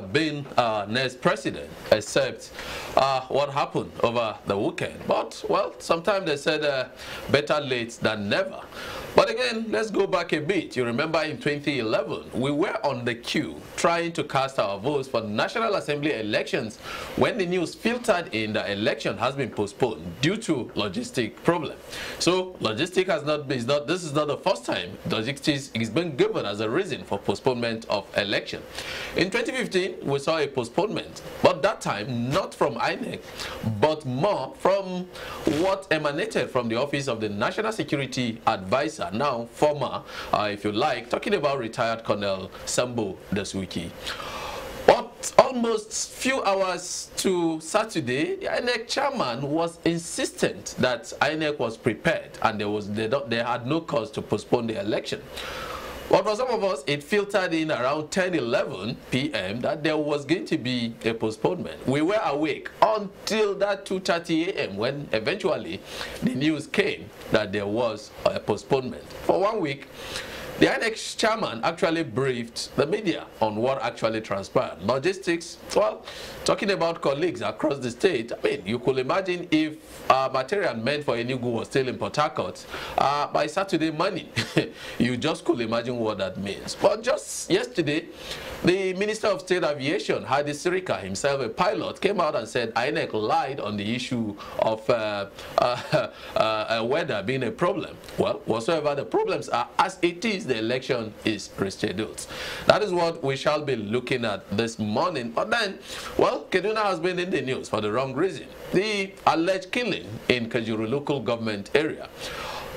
have been our uh, next president, except uh, what happened over the weekend. But, well, sometimes they said uh, better late than never. But again, let's go back a bit. You remember in 2011, we were on the queue trying to cast our votes for National Assembly elections when the news filtered in the election has been postponed due to logistic problem. So logistic has not been, not, this is not the first time logistics is being given as a reason for postponement of election. In 2015, we saw a postponement, but that time not from INEC, but more from what emanated from the office of the National Security Advisor now former, uh, if you like, talking about retired Colonel Sambo Dasuki. But almost few hours to Saturday, the INEC chairman was insistent that INEC was prepared and there was they, they had no cause to postpone the election. Well, for some of us, it filtered in around 10, 11 p.m. that there was going to be a postponement. We were awake until that 2.30 a.m. when eventually the news came that there was a postponement. For one week, The INEC chairman actually briefed the media on what actually transpired. Logistics, well, talking about colleagues across the state, I mean, you could imagine if uh, material meant for Enugu was still in Port Harcourt, uh, by Saturday morning, you just could imagine what that means. But just yesterday, The Minister of State Aviation, Hadi Sirika, himself a pilot, came out and said INEC lied on the issue of uh, uh, uh, uh, weather being a problem. Well, whatsoever the problems are, as it is, the election is rescheduled. That is what we shall be looking at this morning. But then, well, Kaduna has been in the news for the wrong reason. The alleged killing in Kajuru local government area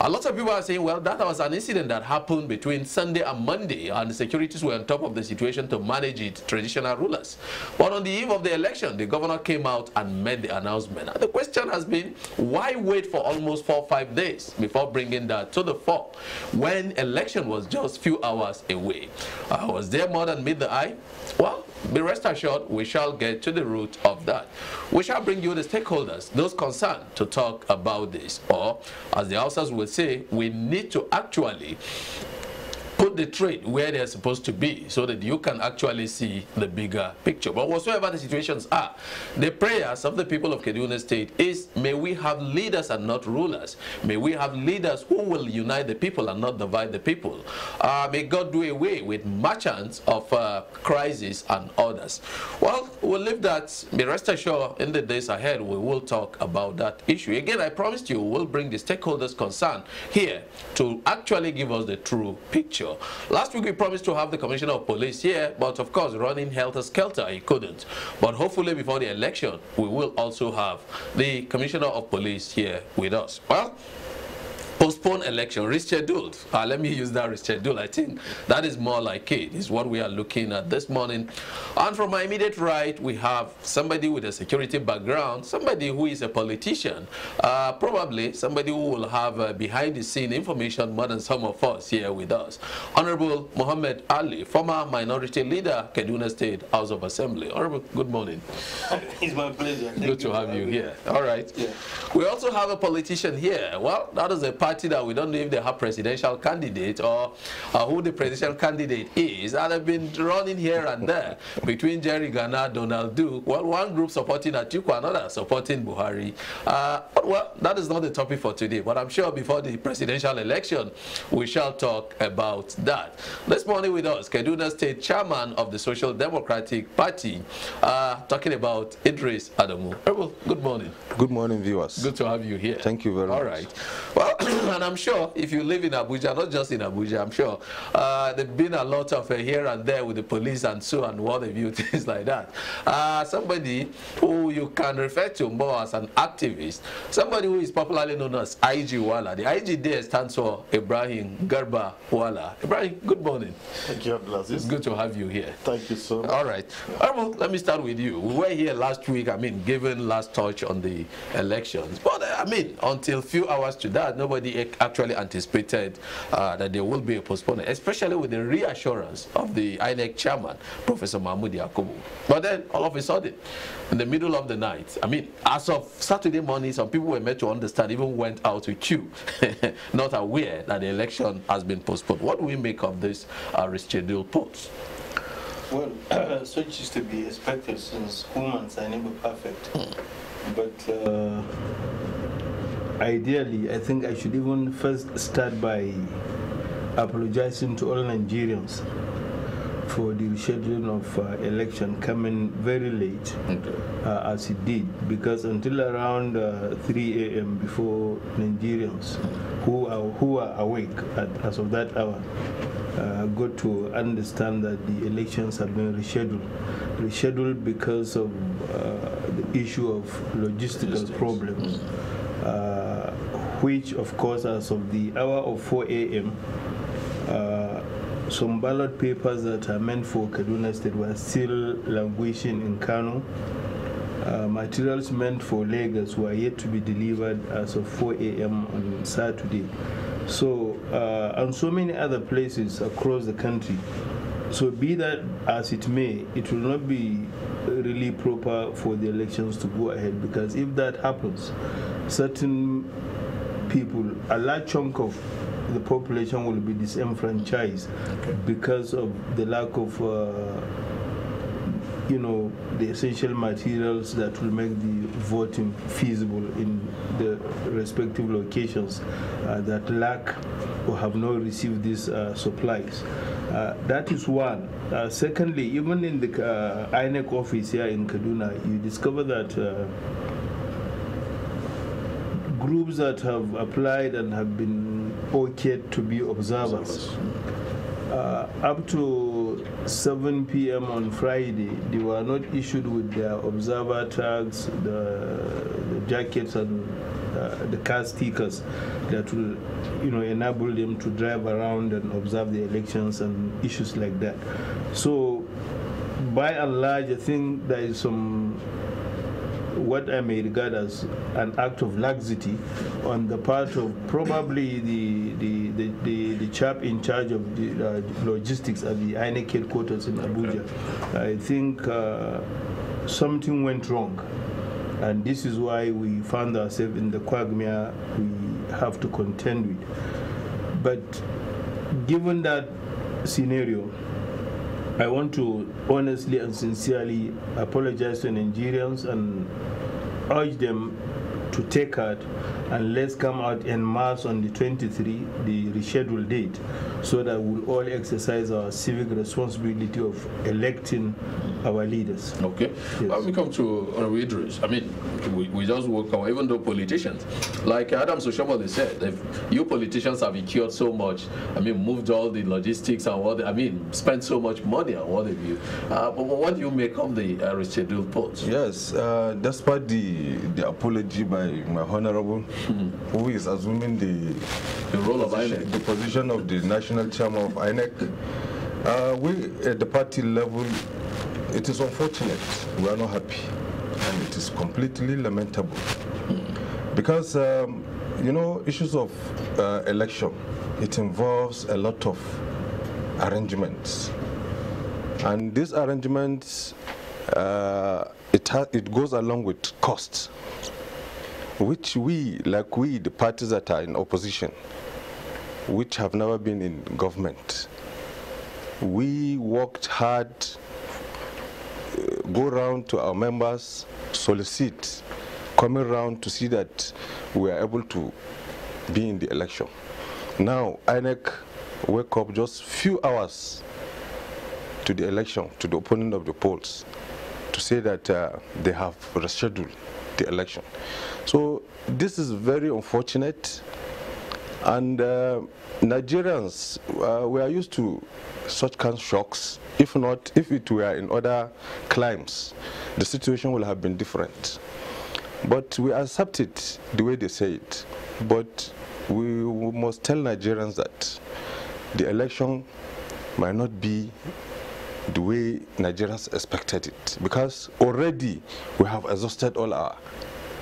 a lot of people are saying, well, that was an incident that happened between Sunday and Monday, and the securities were on top of the situation to manage it, traditional rulers. But on the eve of the election, the governor came out and made the announcement. And the question has been, why wait for almost four or five days before bringing that to the fore when election was just few hours away? Uh, was there more than meet the eye? Well, be rest assured we shall get to the root of that. We shall bring you the stakeholders, those concerned, to talk about this. Or, as the Hausas will say, we need to actually put the trade where they're supposed to be so that you can actually see the bigger picture. But whatsoever the situations are, the prayers of the people of Kaduna State is, may we have leaders and not rulers. May we have leaders who will unite the people and not divide the people. Uh, may God do away with merchants of uh, crises and others. Well, we'll leave that. Be rest assured, in the days ahead, we will talk about that issue. Again, I promised you we'll bring the stakeholders' concern here to actually give us the true picture. Last week we promised to have the Commissioner of Police here, but of course running helter-skelter, he couldn't. But hopefully before the election, we will also have the Commissioner of Police here with us. Well, postpone election, rescheduled. Uh, let me use that reschedule. I think that is more like it, is what we are looking at this morning. And from my immediate right, we have somebody with a security background, somebody who is a politician, uh, probably somebody who will have uh, behind-the-scene information more than some of us here with us. Honorable Mohammed Ali, former minority leader, Kaduna State House of Assembly. Honorable, good morning. It's my pleasure. Thank good to have you here. All right. Yeah. We also have a politician here. Well, that is a party that we don't know if they have presidential candidate or uh, who the presidential candidate is, and have been running here and there between Jerry Ghana, Donald Duke, well, one group supporting Atiku, another supporting Buhari. Uh, well, that is not the topic for today, but I'm sure before the presidential election, we shall talk about that. This morning with us, Kaduna State Chairman of the Social Democratic Party, uh, talking about Idris Adamu. Well, good morning. Good morning, viewers. Good to have you here. Thank you very All much. All right. Well, and I'm sure if you live in Abuja, not just in Abuja, I'm sure uh, there've been a lot of uh, here and there with the police and so and what have you, things like that. Uh, somebody who you can refer to more as an activist, somebody who is popularly known as IG The IG there stands for Ibrahim Garba Wala. Ibrahim, good morning. Thank you, Abdulaziz. It's good to have you here. Thank you, sir. All right. Arbol, let me start with you. We were here last week, I mean, given last touch on the elections. But, uh, I mean, until few hours to that, nobody actually anticipated uh, that there will be a postponement, especially with the reassurance of the INEC chairman, Professor Mahmoud Yakubu. But then, all of a sudden, in the middle of the night, I mean, as of Saturday morning, some people were made to understand, even went out with you, not aware that the election has been postponed. What do we make of this uh, rescheduled post? Well, uh, such is to be expected since humans are never perfect. Hmm. But uh, Ideally, I think I should even first start by apologizing to all Nigerians for the rescheduling of uh, election coming very late okay. uh, as it did because until around uh, 3 a.m. before Nigerians who are, who are awake at, as of that hour uh, got to understand that the elections have been rescheduled. Rescheduled because of uh, the issue of logistical Logistics. problems. Mm. Uh, which of course as of the hour of 4 a.m. Uh, some ballot papers that are meant for Kaduna State were still languishing in Kano. Uh, materials meant for Lagos were yet to be delivered as of 4 a.m. on Saturday. So, uh, and so many other places across the country. So, be that as it may, it will not be really proper for the elections to go ahead because if that happens, certain people, a large chunk of the population will be disenfranchised okay. because of the lack of, uh, you know, the essential materials that will make the voting feasible in the respective locations uh, that lack or have not received these uh, supplies. Uh, that is one. Uh, secondly, even in the uh, INEC office here in Kaduna, you discover that groups that have applied and have been okayed to be observers. Uh, up to 7 p.m. on Friday, they were not issued with their observer tags, the, the jackets, and uh, the car stickers that will, you know, enable them to drive around and observe the elections and issues like that. So, by and large, I think there is some what I may regard as an act of laxity on the part of probably the the, the, the, the chap in charge of the uh, logistics at the INEC headquarters in Abuja. I think uh, something went wrong. And this is why we found ourselves in the quagmire we have to contend with. But given that scenario, I want to honestly and sincerely apologize to Nigerians and urge them to take out and let's come out in mass on the 23, the rescheduled date, so that we'll all exercise our civic responsibility of electing our leaders. Okay. Yes. Well, we come to Honorable uh, Idris. I mean, we, we just work out, even though politicians, like Adam Soshomole said, if you politicians have incurred so much, I mean, moved all the logistics and what, I mean, spent so much money on what have you. Uh, but what do you make of the uh, rescheduled post? Yes, uh, despite the, the apology by my Honorable, who is assuming the, the role of INEC, the position of the national chairman of INEC. Uh, we at the party level, it is unfortunate. We are not happy, and it is completely lamentable because um, you know issues of uh, election, it involves a lot of arrangements, and these arrangements. Uh, it, it goes along with costs which we, like we, the parties that are in opposition, which have never been in government, we worked hard, uh, go round to our members, solicit, coming round to see that we are able to be in the election. Now, INEC wake up just few hours to the election, to the opening of the polls, to say that uh, they have rescheduled the election. So this is very unfortunate. And uh, Nigerians, uh, we are used to such kind of shocks. If not, if it were in other climes, the situation would have been different. But we accept it the way they say it. But we must tell Nigerians that the election might not be the way Nigerians expected it. Because already we have exhausted all our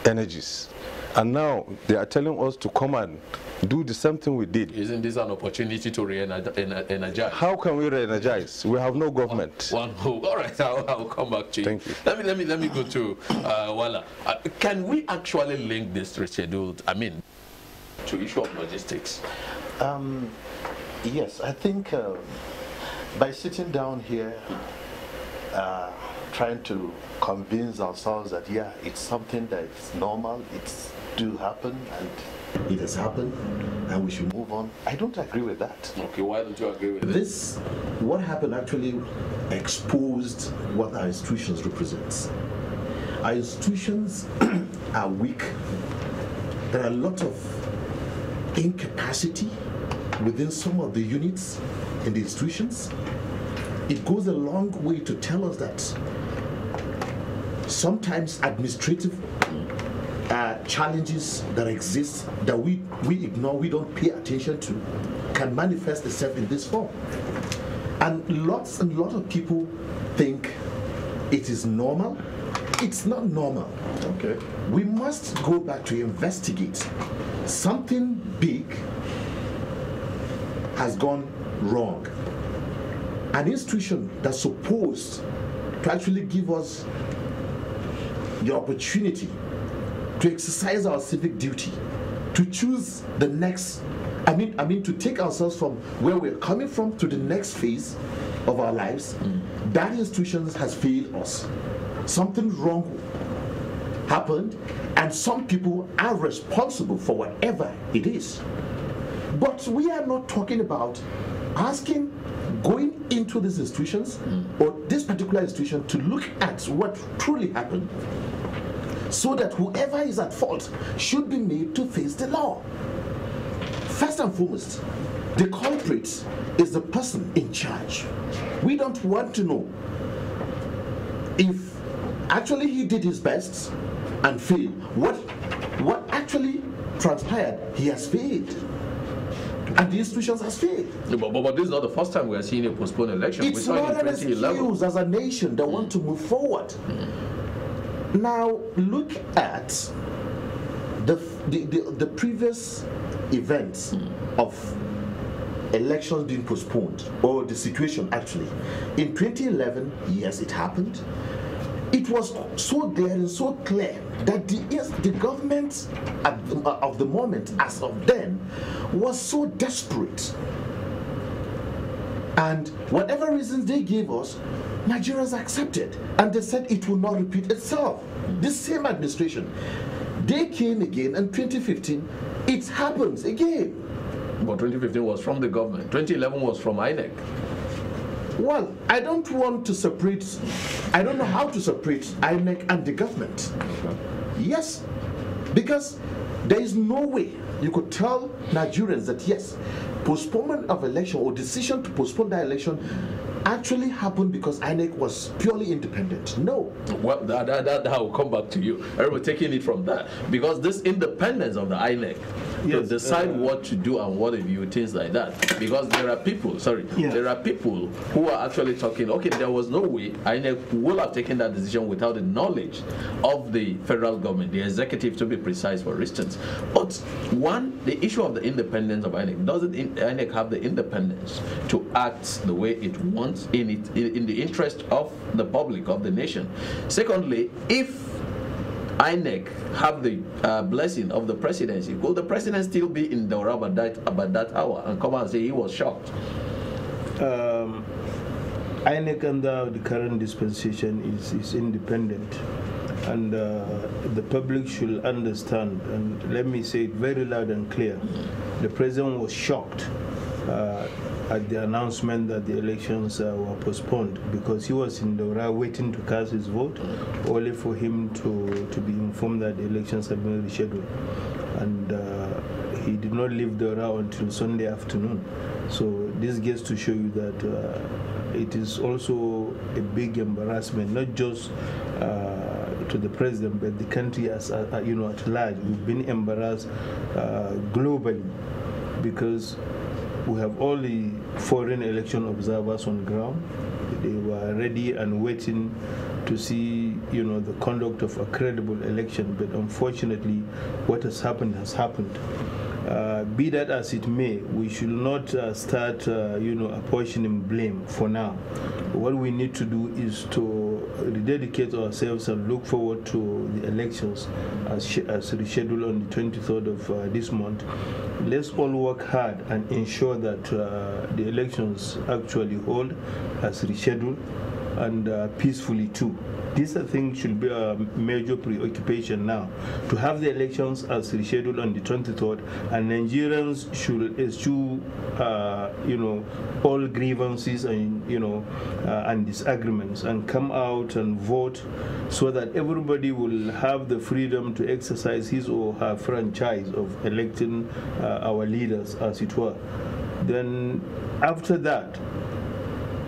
energies. And now they are telling us to come and do the same thing we did. Isn't this an opportunity to re-energize? How can we re-energize? We have no government. One, one All right, I'll, I'll come back to you. Thank you. Let me let me let me go to uh, Wala. Uh, can we actually link this rescheduled? I mean, to issue of logistics. Um, yes, I think uh, by sitting down here. Uh, trying to convince ourselves that yeah, it's something that is normal, it's do happen, and it has happened, and we should move on. I don't agree with that. Okay, why don't you agree with this? That? What happened actually exposed what our institutions represents. Our institutions are weak. There are a lot of incapacity within some of the units in the institutions it goes a long way to tell us that sometimes administrative uh, challenges that exist that we, we ignore, we don't pay attention to, can manifest itself in this form. And lots and lots of people think it is normal. It's not normal. Okay. We must go back to investigate. Something big has gone wrong an institution that's supposed to actually give us the opportunity to exercise our civic duty, to choose the next, I mean, I mean, to take ourselves from where we're coming from to the next phase of our lives, mm. that institution has failed us. Something wrong happened, and some people are responsible for whatever it is. But we are not talking about asking going into these institutions mm. or this particular institution to look at what truly happened so that whoever is at fault should be made to face the law. First and foremost, the culprit is the person in charge. We don't want to know if actually he did his best and failed. What, what actually transpired, he has failed and the institutions has failed. but, but, but, this is not the first time we are seeing a postponed election. It's we not an excuse as a nation that mm. want to mm. move forward. Mm. Now, look at the, the, the, the previous events mm. of elections being postponed, or the situation actually. In 2011, yes, it happened it was so glaring, so clear that the, the government uh, of the moment, as of then, was so desperate. And whatever reasons they gave us, Nigerians accepted. And they said it will not repeat itself. This same administration, they came again in 2015. It happens again. But 2015 was from the government. 2011 was from INEC. Well, I don't want to separate, I don't know how to separate INEC and the government. Yes, because there is no way you could tell Nigerians that yes, postponement of election or decision to postpone the election actually happened because INEC was purely independent. No. Well, that, that, that, that will come back to you. I remember taking it from that because this independence of the INEC yes. to decide uh, what to do and what to view, things like that. Because there are people, sorry, yes. there are people who are actually talking, okay, there was no way I will have taken that decision without the knowledge of the federal government, the executive to be precise, for instance. But one, the issue of the independence of INEC, doesn't INEC have the independence to act the way it wants in, it, in the interest of the public, of the nation? Secondly, if INEC have the uh, blessing of the presidency, will the president still be in Dora about that, about that hour and come out and say he was shocked? Um, INEC under the current dispensation is, is independent and uh, the public should understand. And let me say it very loud and clear. The president was shocked uh, at the announcement that the elections uh, were postponed because he was in Dora waiting to cast his vote, only for him to, to be informed that the elections had been rescheduled. And uh, he did not leave Dora until Sunday afternoon. So this gets to show you that uh, it is also a big embarrassment, not just uh, to the president, but the country as uh, uh, you know at large. We've been embarrassed uh, globally because we have all the foreign election observers on ground. They were ready and waiting to see, you know, the conduct of a credible election. But unfortunately, what has happened has happened. Uh, be that as it may, we should not uh, start, uh, you know, apportioning blame for now. What we need to do is to dedicate ourselves and look forward to the elections as, as on the 23rd of uh, this month. Let's all work hard and ensure that uh, the elections actually hold as rescheduled and uh, peacefully too. This, I think, should be a major preoccupation now. To have the elections as rescheduled on the 23rd, and Nigerians should eschew, uh, you know, all grievances and you know, uh, and disagreements, and come out and vote, so that everybody will have the freedom to exercise his or her franchise of electing uh, our leaders, as it were. Then, after that.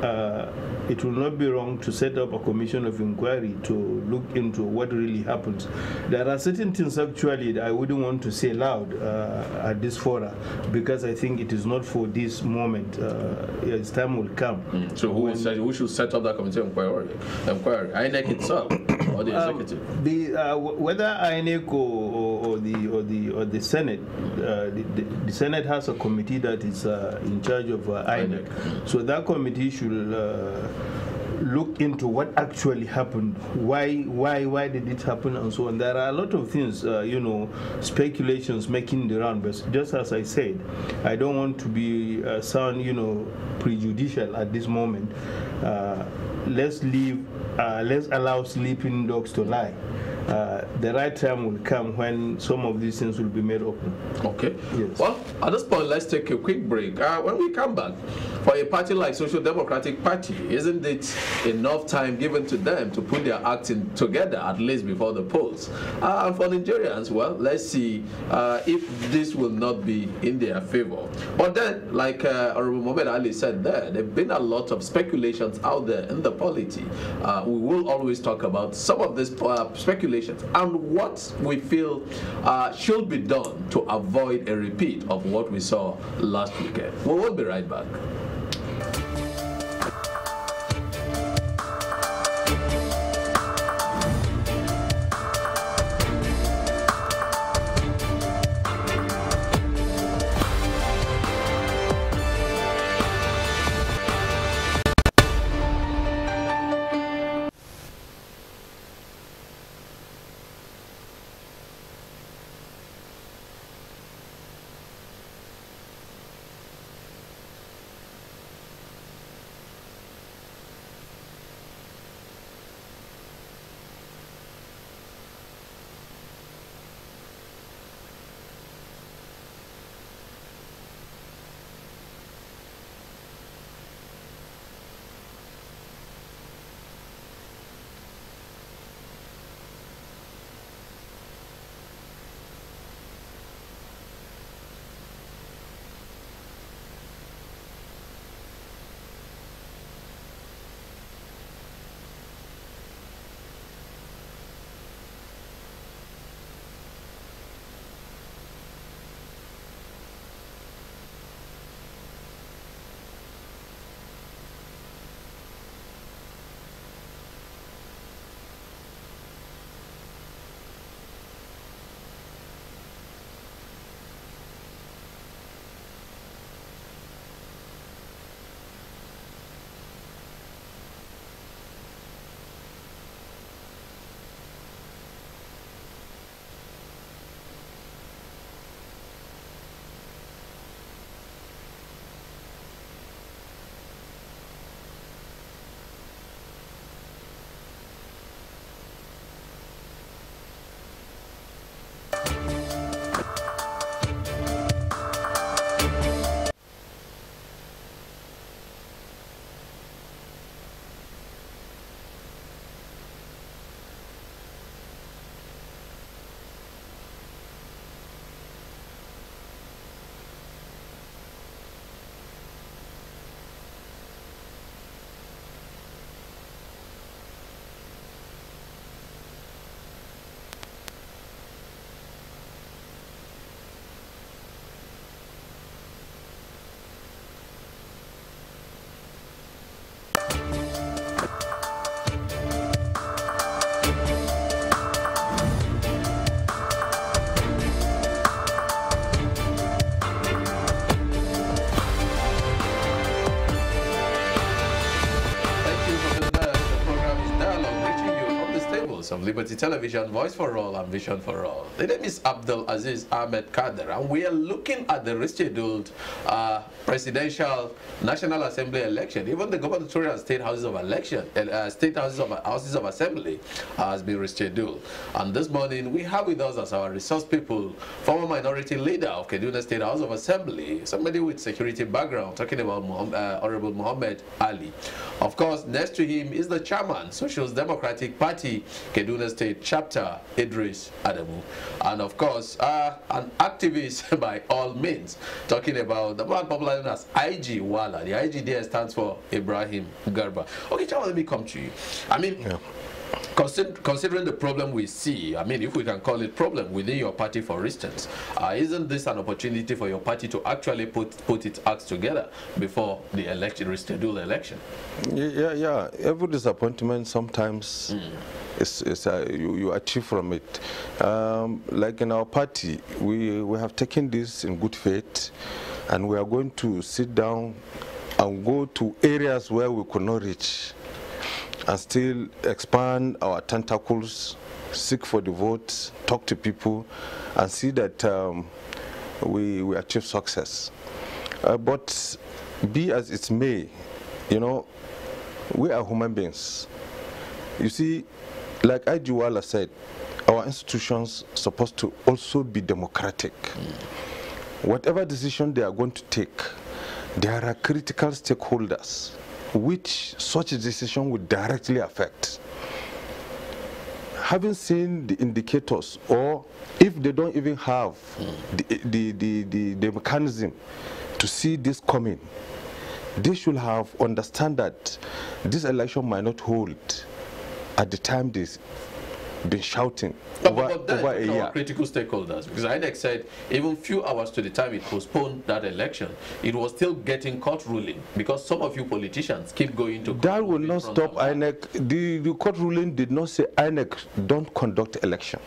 Uh, it will not be wrong to set up a commission of inquiry to look into what really happens. There are certain things actually that I wouldn't want to say loud uh, at this fora because I think it is not for this moment. Uh, its time will come. Mm. So who, who, should set up that committee of inquiry? inquiry? INEC itself or the um, executive? the, uh, whether INEC or, or, or, the, or, the, or the Senate, uh, the, the, the, Senate has a committee that is uh, in charge of uh, INEC. INEC. So that committee should look into what actually happened why why why did it happen and so on there are a lot of things uh, you know speculations making the round but just as i said i don't want to be uh, sound you know prejudicial at this moment uh, let's leave uh, let's allow sleeping dogs to lie uh, the right time will come when some of these things will be made open. Okay. Yes. Well, at this point, let's take a quick break. Uh, when we come back, for a party like Social Democratic Party, isn't it enough time given to them to put their acting together at least before the polls? Uh, and for Nigerians, well, let's see uh, if this will not be in their favor. But then, like uh, Mohammed Mohamed Ali said there, there have been a lot of speculations out there in the polity. Uh, we will always talk about some of this speculation regulations and what we feel uh, should be done to avoid a repeat of what we saw last weekend. We will be right back. Liberty Television, Voice for All and Vision for All. The name is Abdul Aziz Ahmed Kader and we are looking at the rescheduled uh, presidential national assembly election even the gubernatorial state houses of election eh, uh, state houses of houses of assembly has been rescheduled and this morning we have with us as our resource people former minority leader of Kaduna State House of Assembly somebody with security background talking about Muhammad, uh, honorable Muhammad Ali of course next to him is the chairman Social Democratic Party Kaduna State chapter Idris Adamu and of course uh, an activist by all means talking about the popular popularly known as IG Wala. The IG there stands for Ibrahim Garba. Okay, Chawa, let me come to you. I mean, yeah. Consider, considering the problem we see, I mean, if we can call it problem within your party, for instance, uh, isn't this an opportunity for your party to actually put put its acts together before the election, reschedule election? Yeah, yeah. Every disappointment sometimes mm. is, is uh, you, you, achieve from it. Um, like in our party, we, we have taken this in good faith and we are going to sit down and go to areas where we could not reach and still expand our tentacles, seek for the votes, talk to people, and see that um, we, we achieve success. Uh, but be as it may, you know, we are human beings. You see, like Ajiwala said, our institutions supposed to also be democratic. Mm whatever decision they are going to take, there are critical stakeholders which such a decision would directly affect. Having seen the indicators, or if they don't even have the, the, the, the, the mechanism to see this coming, they should have understand that this election might not hold at the time this been shouting over, but that, over a year. critical stakeholders, because INEC said even few hours to the time it postponed that election, it was still getting court ruling because some of you politicians keep going to That will not stop INEC. The, the court ruling did not say INEC don't conduct election.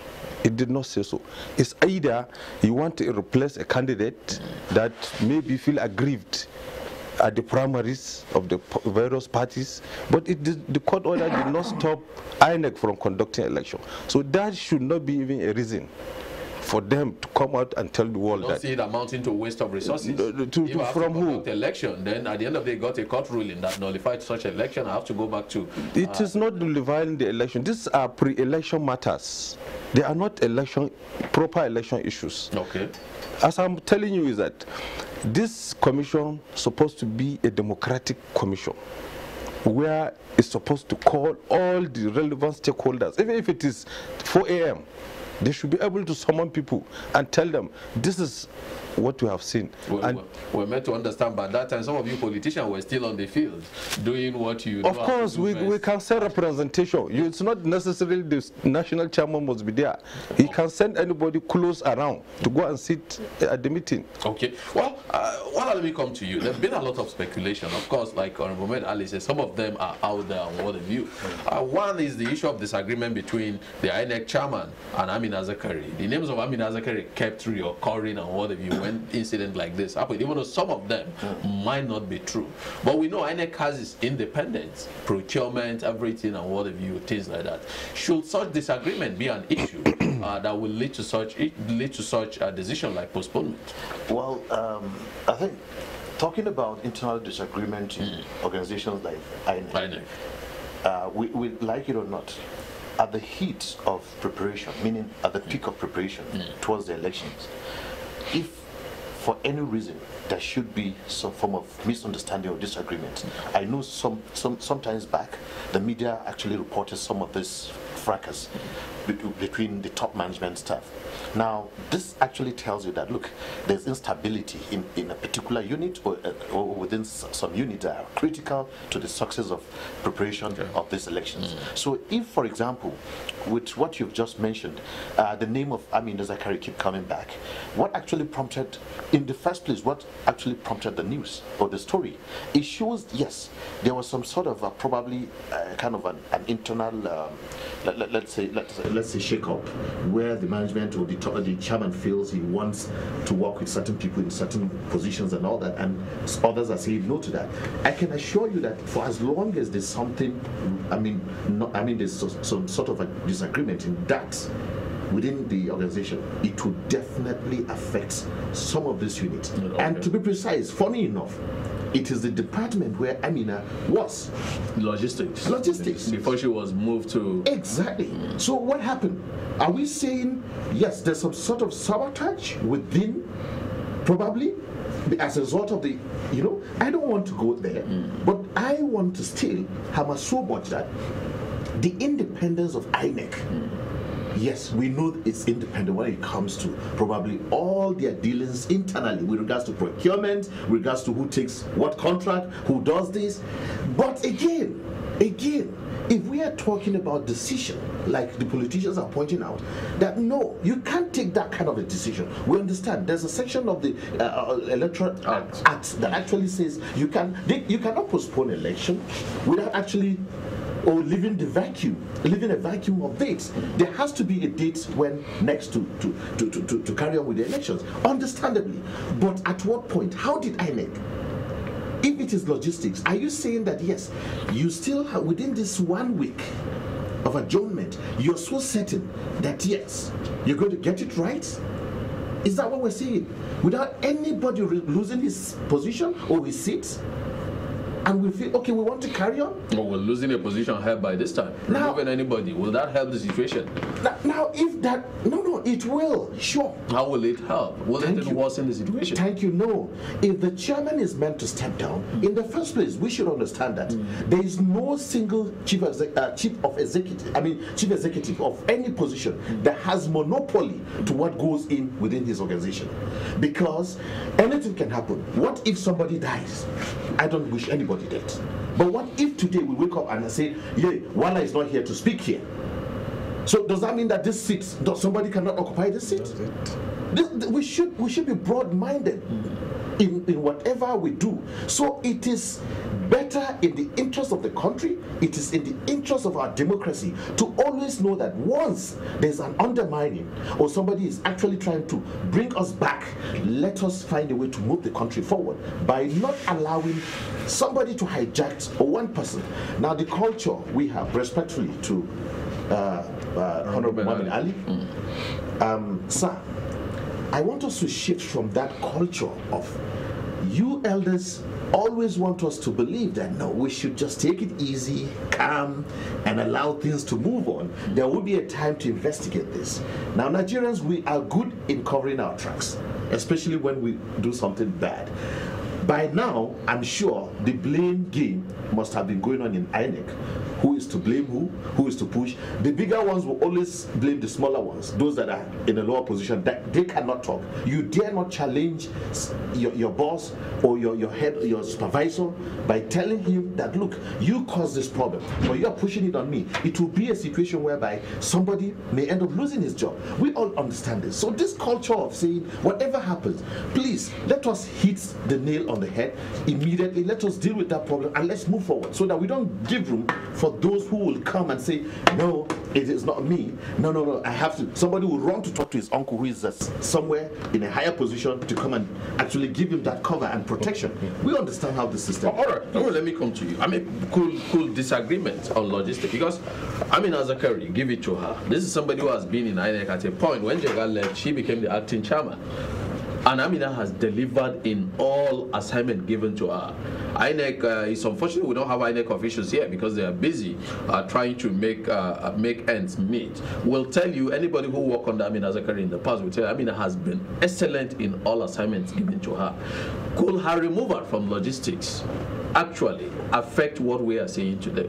It did not say so. It's either you want to replace a candidate that maybe feel aggrieved at the primaries of the various parties, but it, the, the court order did not stop INEC from conducting election. So that should not be even a reason for them to come out and tell the world don't that. see it amounting to waste of resources. To, to, to from who? Election. Then at the end of the day, got a court ruling that nullified such election. I have to go back to. Uh, it is not nullifying the election. These are pre-election matters. They are not election proper election issues. Okay. As I'm telling you, is that this commission supposed to be a democratic commission where it's supposed to call all the relevant stakeholders, even if it is 4 a.m., they should be able to summon people and tell them, this is what we have seen. We, and we're meant to understand by that time some of you politicians were still on the field doing what you Of course, we, we can send representation. You, it's not necessarily the national chairman must be there. He oh. can send anybody close around to go and sit uh, at the meeting. Okay. Well, uh, well let me come to you. There's been a lot of speculation. Of course, like Honorable Med Ali said, some of them are out there on what they view. Mm. Uh, one is the issue of disagreement between the INEC chairman and Amina Zakari. The names of Amina Zakari kept reoccurring and what you when incident like this happened, even though some of them mm. might not be true. But we know INEC has its independence, procurement, everything and what you, things like that. Should such disagreement be an issue uh, that will lead to such lead to such a decision like postponement? Well, um, I think talking about internal disagreement in mm. organizations like INEC, uh, we, we like it or not, at the heat of preparation, meaning at the peak of preparation mm. towards the elections, if for any reason there should be some form of misunderstanding or disagreement, I know some, some sometimes back the media actually reported some of this fracas between the top management staff. Now, this actually tells you that, look, there's instability in, in a particular unit or, uh, or within some units that are critical to the success of preparation okay. of these elections. Mm So if, for example, with what you've just mentioned, uh, the name of Amin Zakari keep coming back, what actually prompted, in the first place, what actually prompted the news or the story? It shows, yes, there was some sort of a, probably uh, kind of an, an internal um, let, let, us say let, us say shake up where the management or the, the chairman feels he wants to work with certain people in certain positions and all that, and others are saying no to that. I can assure you that for as long as there's something, I mean, not, I mean, there's some, some sort of a disagreement in that within the organization, it will definitely affect some of these units. Okay. And to be precise, funny enough, it is the department where Amina was. Logistics. Logistics. Before she was moved to. Exactly. So what happened? Are we saying, yes, there's some sort of sabotage within, probably, as a result of the, you know, I don't want to go there, mm. but I want to still have a so much that the independence of INEC. Mm Yes, we know it's independent when it comes to probably all their dealings internally with regards to procurement, regards to who takes what contract, who does this. But again, again, if we are talking about decision, like the politicians are pointing out, that no, you can't take that kind of a decision. We understand there's a section of the uh, uh electoral act. act that actually says you can they, you cannot postpone election without actually or leaving the vacuum, leaving a vacuum of dates. There has to be a date when next to, to, to, to, to carry on with the elections, understandably. But at what point? How did I make? If it is logistics, are you saying that yes, you still have, within this one week of adjournment, you're so certain that yes, you're going to get it right? Is that what we're seeing? Without anybody losing his position or his seat? and we feel okay, we want to carry on. well, we're losing a position here by this time. Now, Removing anybody, will that help the situation? Now, if that no, no, it will sure. How will it help? Will Thank it worsen the situation? Thank you. No, if the chairman is meant to step down mm. in the first place, we should understand that mm. there is no single chief, uh, chief of executive. I mean, chief executive of any position mm. that has monopoly to what goes in within his organization, because anything can happen. What if somebody dies? I don't wish anybody but what if today we wake up and say, yeah, Wala is not here to speak here? So does that mean that this seat, somebody cannot occupy this seat? This, we should we should be broad-minded in, in whatever we do. So it is better in the interest of the country, it is in the interest of our democracy to always know that once there's an undermining or somebody is actually trying to bring us back, let us find a way to move the country forward by not allowing somebody to hijack one person. Now, the culture we have, respectfully, to uh, uh, Honorable Muhammad Ali, mm. um, sir, I want us to shift from that culture of you elders always want us to believe that no, we should just take it easy, calm, and allow things to move on. There will be a time to investigate this. Now, Nigerians, we are good in covering our tracks, especially when we do something bad. By now, I'm sure the blame game must have been going on in INEC who is to blame who, who is to push. The bigger ones will always blame the smaller ones, those that are in a lower position, that they cannot talk. You dare not challenge your, your boss or your, your head, your supervisor by telling him that, look, you caused this problem, but you are pushing it on me. It will be a situation whereby somebody may end up losing his job. We all understand this. So this culture of saying, whatever happens, please let us hit the nail on the head immediately. Let us deal with that problem and let's move forward so that we don't give room for those who will come and say, no, it is not me. No, no, no, I have to. Somebody will run to talk to his uncle who is uh, somewhere in a higher position to come and actually give him that cover and protection. We understand how the system. Oh, all right, no, let me come to you. I mean, cool, cool disagreement on logistics because I mean, Azakari, give it to her. This is somebody who has been in INEC at a point. When Jega left, she became the acting chairman. And Amina has delivered in all assignment given to her. INEC, uh, it's unfortunate we don't have INEC officials here because they are busy uh, trying to make uh, uh make ends meet. We'll tell you, anybody who worked under Amina Zakari in the past will tell you, Amina has been excellent in all assignments given to her. Could her removal from logistics actually affect what we are seeing today?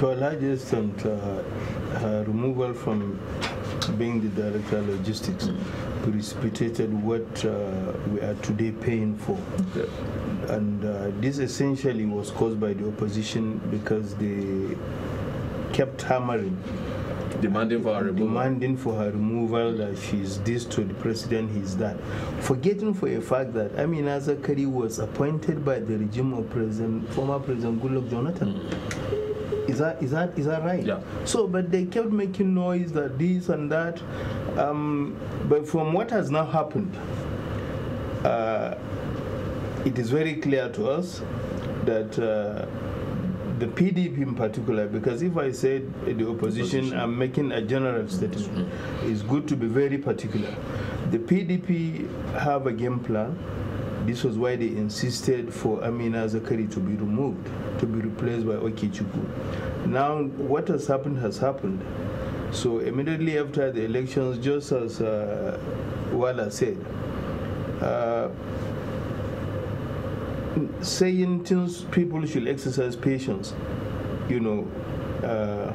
To a large extent, uh, her removal from being the director of logistics, precipitated what uh, we are today paying for. And uh, this essentially was caused by the opposition because they kept hammering demanding for her removal. Demanding for her removal that she's this to the president, he's that. Forgetting for a fact that Amina Azakari was appointed by the regime of President, former President Goodluck Jonathan. Mm. Is that is that is that right? Yeah. So, but they kept making noise that this and that. Um, but from what has now happened, uh, it is very clear to us that. Uh, the PDP in particular, because if I said the opposition, opposition. I'm making a general statement. Mm-hmm. It's good to be very particular. The PDP have a game plan this was why they insisted for Amina Zakari to be removed, to be replaced by Okichuku. Now, what has happened has happened. So immediately after the elections, just as uh, Wala said, uh, saying things people should exercise patience, you know, uh,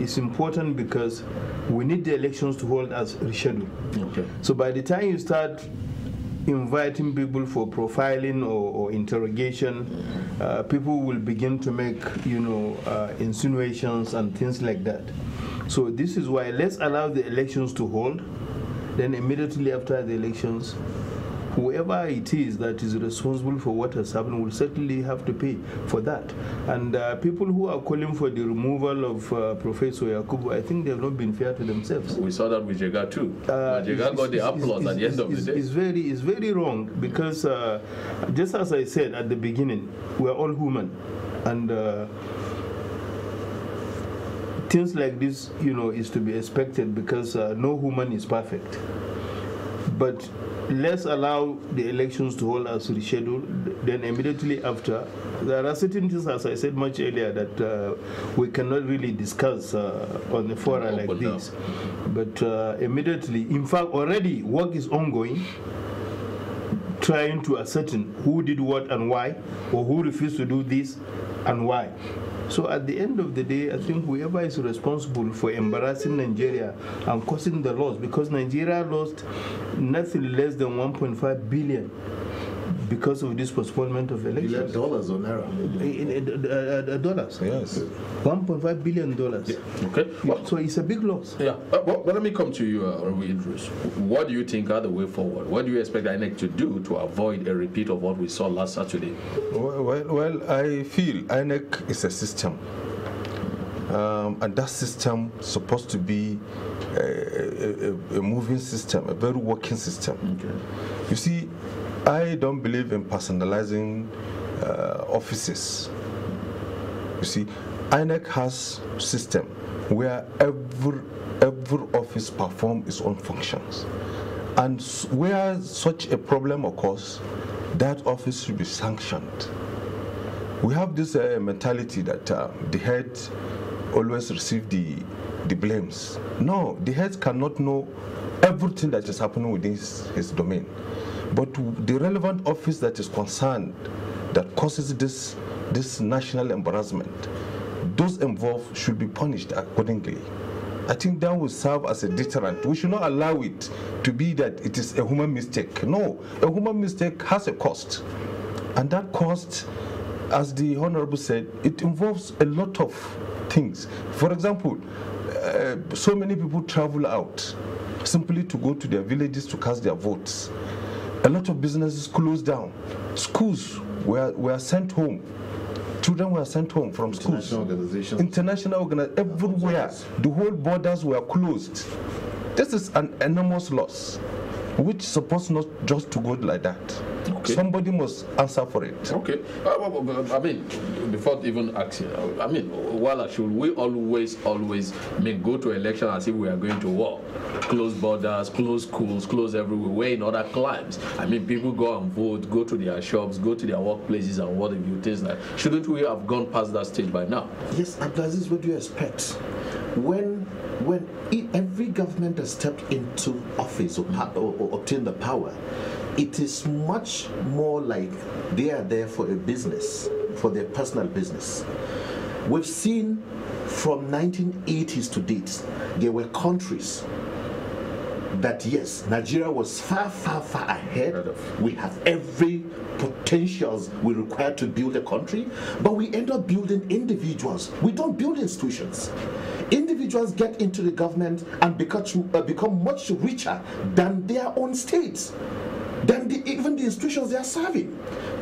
is important because we need the elections to hold as rescheduled. Okay. So by the time you start inviting people for profiling or, or interrogation, uh, people will begin to make, you know, uh, insinuations and things like that. So this is why let's allow the elections to hold. Then immediately after the elections, whoever it is that is responsible for what has happened will certainly have to pay for that. And uh, people who are calling for the removal of uh, Professor Yakubu, I think they have not been fair to themselves. We saw that with Jega too. Uh, Jega got the applause at the end of the day. It's very, it's very wrong because uh, just as I said at the beginning, we're all human. And uh, things like this, you know, is to be expected because uh, no human is perfect. But let's allow the elections to hold as rescheduled. Then immediately after, there are certain things, as I said much earlier, that uh, we cannot really discuss uh, on the fora no, like this. No. But uh, immediately, in fact, already work is ongoing trying to ascertain who did what and why, or who refused to do this and why. So at the end of the day, I think whoever is responsible for embarrassing Nigeria and causing the loss, because Nigeria lost nothing less than 1.5 billion because of this postponement of elections. dollars on error. In, in, uh, dollars. Yes. 1.5 billion dollars. Yeah. Okay. Well, so it's a big loss. Yeah. Uh, well, well, let me come to you, uh, What do you think are the way forward? What do you expect INEC to do to avoid a repeat of what we saw last Saturday? Well, well, well I feel INEC is a system. Um, and that system supposed to be a, a, a, moving system, a very working system. Okay. You see, I don't believe in personalizing uh, offices. You see, INEC has system where every every office perform its own functions, and where such a problem occurs, that office should be sanctioned. We have this uh, mentality that uh, the head always receive the the blames. No, the head cannot know everything that is happening within his, his domain. But the relevant office that is concerned that causes this, this national embarrassment, those involved should be punished accordingly. I think that will serve as a deterrent. We should not allow it to be that it is a human mistake. No, a human mistake has a cost. And that cost, as the Honorable said, it involves a lot of things. For example, uh, so many people travel out simply to go to their villages to cast their votes a lot of businesses closed down. Schools were, were sent home. Children were sent home from international schools. Organizations. International organizations. Everywhere. The whole borders were closed. This is an enormous loss, which supposed not just to go like that. Okay. Somebody must answer for it. Okay. Uh, I mean, before even asking, uh, I mean, Wala, uh, should we always, always make go to election as if we are going to war? Close borders, close schools, close everywhere. We're in other climes. I mean, people go and vote, go to their shops, go to their workplaces and what have you, things like Shouldn't we have gone past that stage by now? Yes, Abdulaziz, what do you expect? When when every government has stepped into office or, or, or obtained the power, it is much more like they are there for a business, for their personal business. We've seen from 1980s to date, there were countries that yes, Nigeria was far, far, far ahead. We have every potentials we require to build a country, but we end up building individuals. We don't build institutions. Individuals get into the government and become, uh, become much richer than their own states than the, even the institutions they are serving.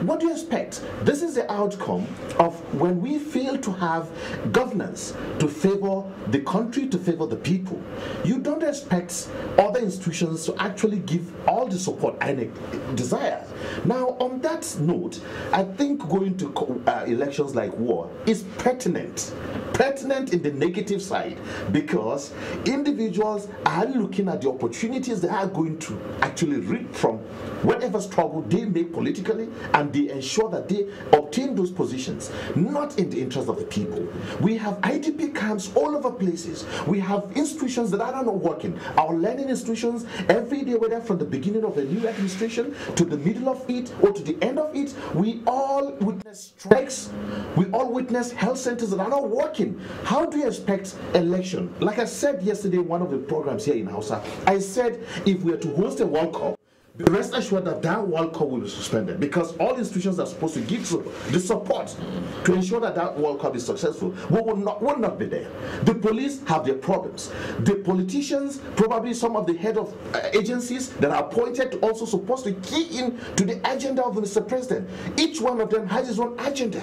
What do you expect? This is the outcome of when we fail to have governance to favor the country, to favor the people. You don't expect other institutions to actually give all the support INEC desire. Now, on that note, I think going to uh, elections like war is pertinent. Pertinent in the negative side because individuals are looking at the opportunities they are going to actually reap from whatever struggle they make politically, and they ensure that they obtain those positions, not in the interest of the people. We have IDP camps all over places. We have institutions that are not working. Our learning institutions, every day, whether from the beginning of a new administration to the middle of it or to the end of it, we all witness strikes. We all witness health centers that are not working. How do you expect election? Like I said yesterday in one of the programs here in Hausa, I said if we are to host a World Cup, rest assured that that World Cup will be suspended because all institutions are supposed to give the support to ensure that that World Cup is successful. We will not, will not be there. The police have their problems. The politicians, probably some of the head of uh, agencies that are appointed, also supposed to key in to the agenda of Mr. President. Each one of them has his own agenda.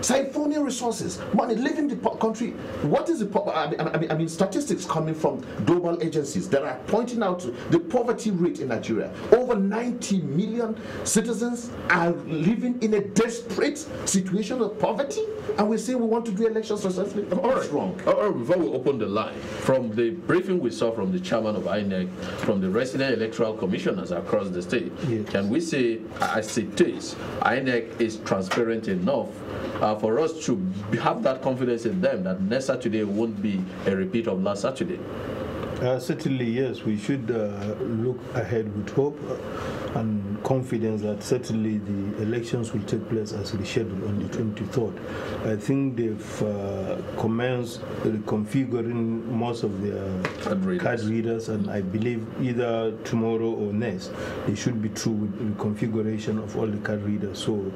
Siphoning resources, money leaving the country. What is the, I mean, I, mean, I mean, statistics coming from global agencies that are pointing out the poverty rate in Nigeria. Over 90 million citizens are living in a desperate situation of poverty, and we say we want to do elections successfully. What's right. wrong? All right, before we open the line, from the briefing we saw from the chairman of INEC, from the resident electoral commissioners across the state, yes. can we say, as it is, INEC is transparent enough uh, for us to have that confidence in them that next Saturday won't be a repeat of last Saturday? Uh, certainly, yes. We should uh, look ahead with hope and confidence that certainly the elections will take place as scheduled on the 23rd. I think they've uh, commenced reconfiguring most of their card readers. card readers. and I believe either tomorrow or next they should be through with reconfiguration of all the card readers. So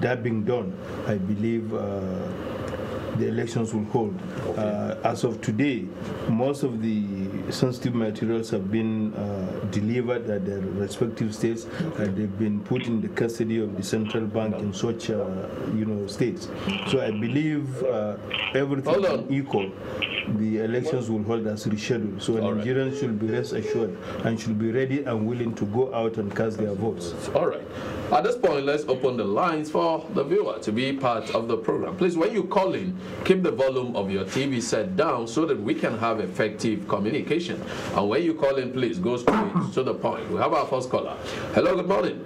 that being done, I believe. Uh, the elections will hold. Okay. Uh, as of today, most of the sensitive materials have been uh, delivered at their respective states and they've been put in the custody of the central bank in such, uh, you know, states. So I believe uh, everything equal the elections will hold as rescheduled. So All Nigerians right. should be rest assured and should be ready and willing to go out and cast their votes. All right. At this point, let's open the lines for the viewer to be part of the program. Please, when you call in, keep the volume of your TV set down so that we can have effective communication. And when you call in, please go straight to the point. We have our first caller. Hello, good morning.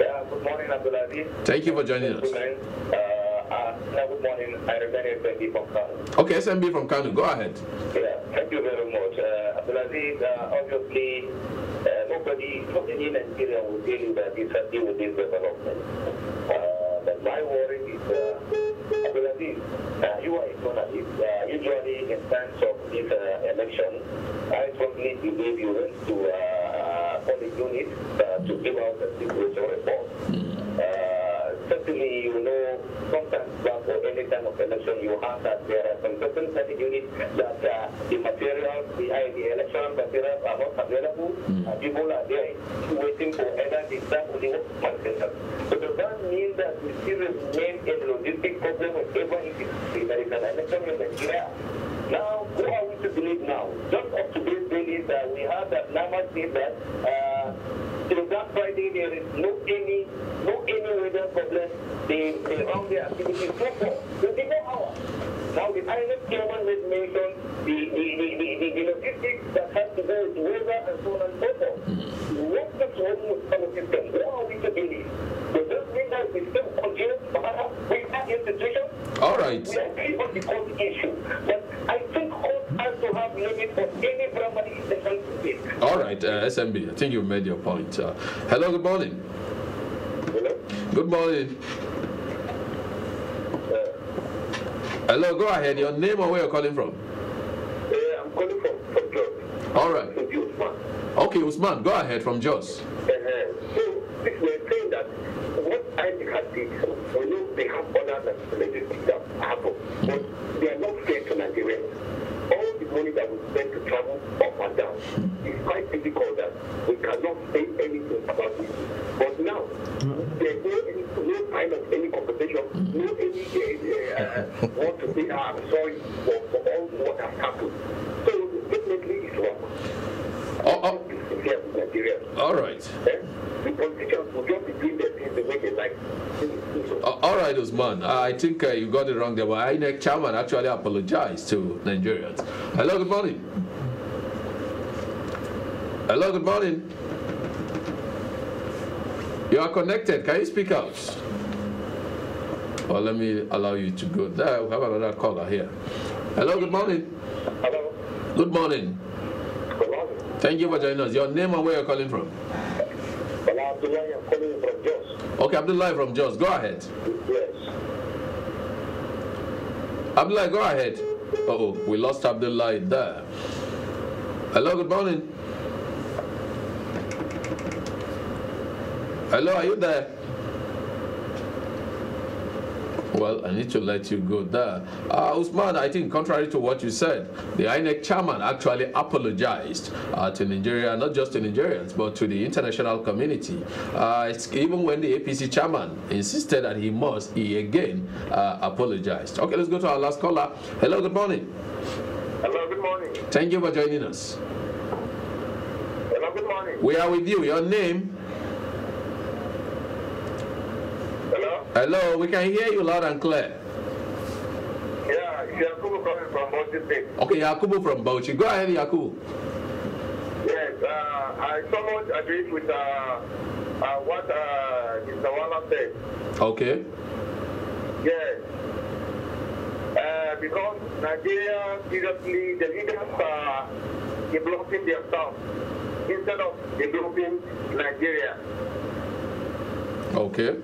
Yeah, good morning, Abdulaziz. Thank you for joining us good morning. I SMB from Kano. Okay, SMB from Kano. Go ahead. Yeah, thank you very much. Uh, Abdulaziz, uh, obviously, uh, nobody, nobody in Nigeria will tell you that it's happy with this development. Uh, but my worry is, uh, Abdulaziz, uh, you are a journalist. Uh, usually, in terms of this uh, election, I strongly believe you went to uh, uh, unit uh, to give out a situation report. Hmm. Uh, certainly you know sometimes that for any time of election you have that there are some certain certain units that uh, the materials, the, uh, the electoral materials are not available. Mm. Uh, people are there waiting for either the staff or the manifestation. So does that mean that we still remain a logistic problem whenever it is the American election in Nigeria? Now, who are we to believe now? Just to date daily, that uh, we have that number say that uh, till that Friday there is no any no any weather problem. They they run their activities for 24 hours. Now, if I just came on with Mason, the, the, the, the, the, the logistics that has to go to weather and so on and so forth, mm-hmm. what's the problem with our system? What are we to believe? Does this mean that we still continue to have weaker institutions? All right. We agree on the court issue, but I think court has to have limit for any primary institution to take. All right, uh, SMB, I think you made your point. Uh, hello, good morning. Hello. Good morning. Hello, go ahead. Your name or where you're calling from? Uh, I'm calling from, from Jos. All right. Usman. Okay, Usman, go ahead from Jos. Uh, so, we're saying that what INEC did, we know they have other legislatives that happen, but they are not fair to Nigerians money that we spend to travel up and down. It's quite difficult that we cannot say anything about it. But now, there's no, no kind of any conversation, no any uh, eh, eh, want to say, ah, I'm sorry for, for all what has happened. So definitely it's wrong. oh. oh all right. Eh? The politicians will just be doing their things the way they like. Uh, all right, Osman. Uh, I think uh, you got it wrong there, but INEC chairman actually apologized to Nigerians. Hello, good morning. Hello, good morning. You are connected. Can you speak out? Well, let me allow you to go there. We have another caller here. Hello, good morning. Hello. Good morning. Thank you for joining us. Your name and where you're calling from? Well, Abdullah, I'm calling from Jos. Okay, Abdullah from Joss. Go ahead. Yes. Abdullah, go ahead. Uh oh, we lost Abdullah there. Hello, good morning. Hello, are you there? well, I need to let you go there. Uh, Usman, I think contrary to what you said, the INEC chairman actually apologized uh, to Nigeria, not just to Nigerians, but to the international community. Uh, even when the APC chairman insisted that he must, he again uh, apologized. Okay, let's go to our last caller. Hello, good morning. Hello, good morning. Thank you for joining us. Hello, good morning. We are with you. Your name? Hello, we can hear you loud and clear. Yeah, Yakubu coming from Bauchi State. Okay, Yakubu from Bauchi. Go ahead, Yakubu. Yes, uh, I somewhat agree with uh, uh, what uh, Mr. Wala said. Okay. Yes. Uh, because Nigeria, seriously, the leaders are uh, developing themselves instead of developing Nigeria. Okay.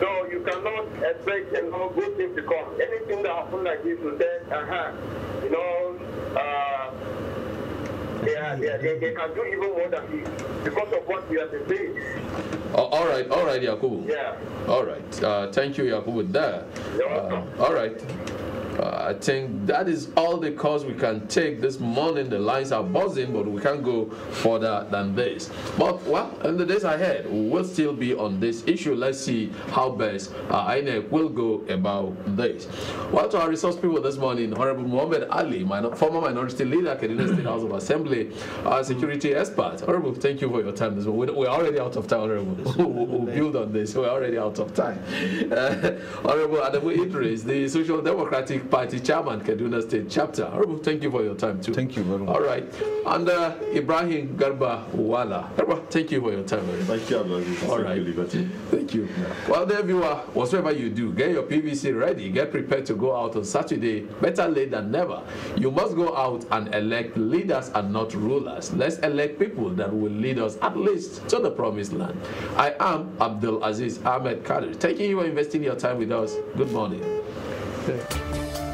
So you cannot expect you know, good things to come. Anything that happens like this, you say, uh-huh, you know, uh, yeah, yeah, they, they can do even more than this because of what we have to say. Oh, all right, all right, Yakubu. Yeah. All right. Uh, thank you, Yakubu. There. You're welcome. Uh, all right. Uh, I think that is all the calls we can take this morning. The lines are buzzing, but we can't go further than this. But, well, in the days ahead, we will still be on this issue. Let's see how best uh, INEC will go about this. Well, to our resource people this morning, Honorable Muhammad Ali, former minority leader, Kaduna State House of Assembly, security expert. Honorable, thank you for your time this morning. We're already out of time, Honorable. we'll build on this. We're already out of time. Uh, Honorable Adamu Idris, the Social Democratic Party Chairman, Kaduna State Chapter. Honorable, thank you for your time too. Thank you very much. All right. And uh, Ibrahim Garba Wala. thank you for your time. Thank you, Abdulaziz. All right. Liberty. Thank you. Yeah. Well, there you are. Whatever you do, get your PVC ready. Get prepared to go out on Saturday. Better late than never. You must go out and elect leaders and not rulers. Let's elect people that will lead us at least to the promised land. I am Abdul Aziz Ahmed Kadir. Taking you for investing your time with us. Good morning. 对。